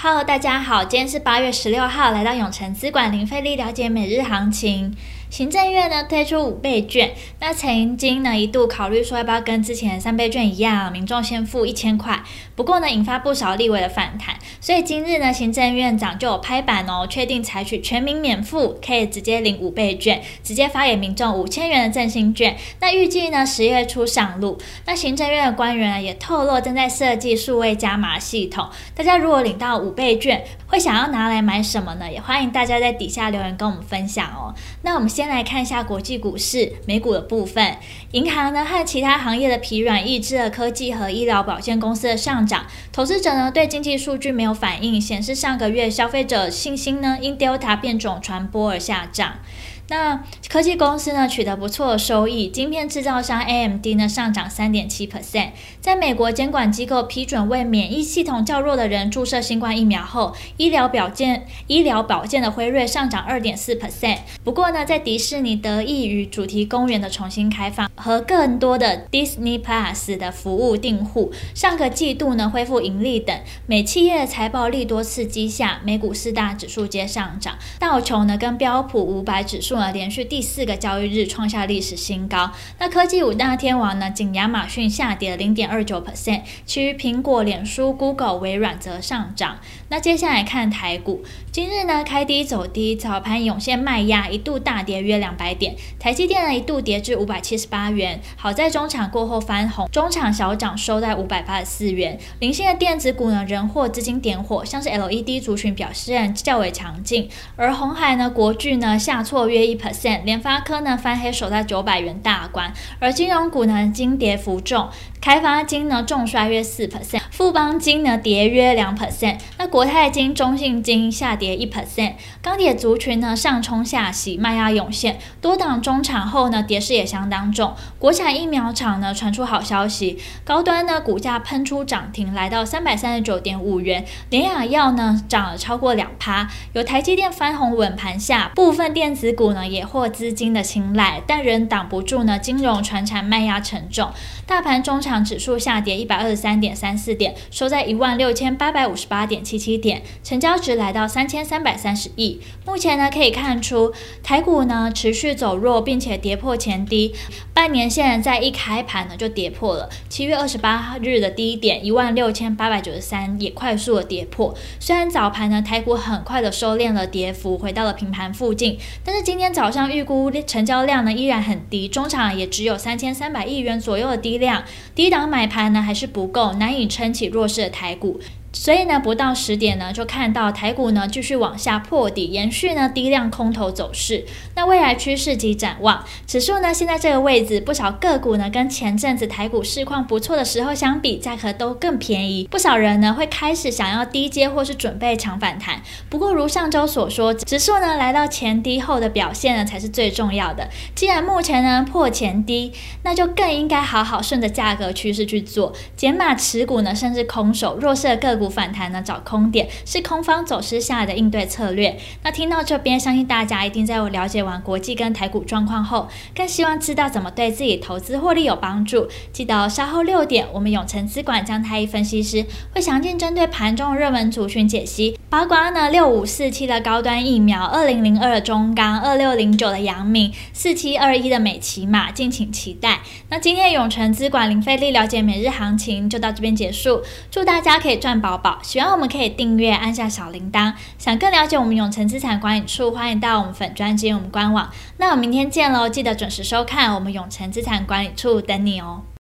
Hello，大家好，今天是八月十六號，來到永誠資管零費力了解每日行情。行政院呢，推出五倍券，那曾經呢一度考慮說要不要跟之前三倍券一樣啊，民眾先付一千塊，不過呢引發不少立委的反彈，所以今日呢行政院長就有拍板哦，確定採取全民免付，可以直接領五倍券，直接發給民眾五千元的振興券。那預計呢十月初上路。那行政院的官員呢也透露正在設計數位加碼系統，大家如果領到五倍券，會想要拿來買什麼呢？也歡迎大家在底下留言跟我們分享哦。那我們。先來看一下國際股市，美股的部分。銀行呢和其他行業的疲軟，抑制了科技和醫療保健公司的上漲。投資者呢對經濟數據沒有反應，顯示上個月消費者信心呢因 Delta 變種傳播而下降。那科技公司呢取得不錯的收益，晶片製造商 AMD 呢上漲三點七 percent，在美國監管機構批准為免疫系統較弱的人注射新冠疫苗後，醫療保健醫療保健的輝瑞上漲二點四 percent。不過呢，在迪士尼得益於主題公園的重新開放和更多的 Disney Plus 的服務訂戶，上個季度呢恢復盈利等，美企業的財報利多刺激下，美股四大指數皆上漲，道瓊呢跟標普五百指數，連續第四個交易日創下歷史新高。那科技五大天王呢？僅亞馬遜下跌零點二九 percent，其餘蘋果、臉書、Google、微軟則上漲。那接下來看台股，今日呢開低走低，早盤湧現賣壓，一度大跌約兩百點。台積電呢一度跌至五百七十八元，好在中場過後翻紅，中場小漲收在五百八十四元。零星的電子股呢，仍獲資金點火，像是 LED 族群表現較為強勁。而鴻海呢，國巨呢下挫約。一 percent，聯發科呢翻黑，守在九百元大關，而金融股呢金跌幅重。開發金呢重衰約四 percent，富邦金呢跌約兩 percent，那國泰金、中信金下跌一 percent，鋼鐵族群呢上沖下洗，賣壓湧現，多檔中場後呢跌勢也相當重。國產疫苗廠呢傳出好消息，高端呢股價噴出漲停來到三百三十九點五元，聯亞藥呢漲了超過兩趴，有台積電翻紅穩盤下，部分電子股呢也獲資金的青睞，但仍擋不住呢金融傳產賣壓沉重，大盤中。市場指數下跌一百二十三點三四點，收在一萬六千八百五十八點七七點，成交值來到三千三百三十億。目前呢可以看出，台股呢持續走弱，並且跌破前低。半年線在一開盤呢就跌破了，七月二十八日的低點一萬六千八百九十三也快速的跌破。雖然早盤呢台股很快的收斂了跌幅，回到了平盤附近，但是今天早上預估成交量呢依然很低，中場也只有三千三百億元左右的低量。低檔買盤呢，還是不夠，難以撐起弱勢的台股。所以呢，不到十點呢，就看到台股呢繼續往下破底，延續呢低量空頭走勢。那未來趨勢及展望，指數呢現在這個位置，不少個股呢跟前陣子台股市況不錯的時候相比，價格都更便宜。不少人呢會開始想要低接或是準備搶反彈。不過如上周所說，指數呢來到前低後的表現呢才是最重要的。既然目前呢破前低，那就更應該好好順着價格趨勢去做減碼持股呢，甚至空手弱勢的個股。股反彈呢，找空點是空方走勢下來的應對策略。那聽到這邊，相信大家一定在我了解完國際跟台股狀況後，更希望知道怎麼對自己投資獲利有幫助。記得稍後六點，我們永誠資管江太一分析師會詳盡針對盤中的熱門族群解析。包括呢六五四七的高端疫苗，二零零二中鋼，二六零九的陽明，四七二一的美琪瑪，敬請期待。那今天永誠資管零費力了解每日行情就到這邊結束，祝大家可以賺飽。喜歡我們可以訂閱，按下小鈴鐺。想更了解我們永城資產管理處，歡迎到我們粉專接我們官網。那我們明天見嘍，記得準時收看我們永城資產管理處等你哦。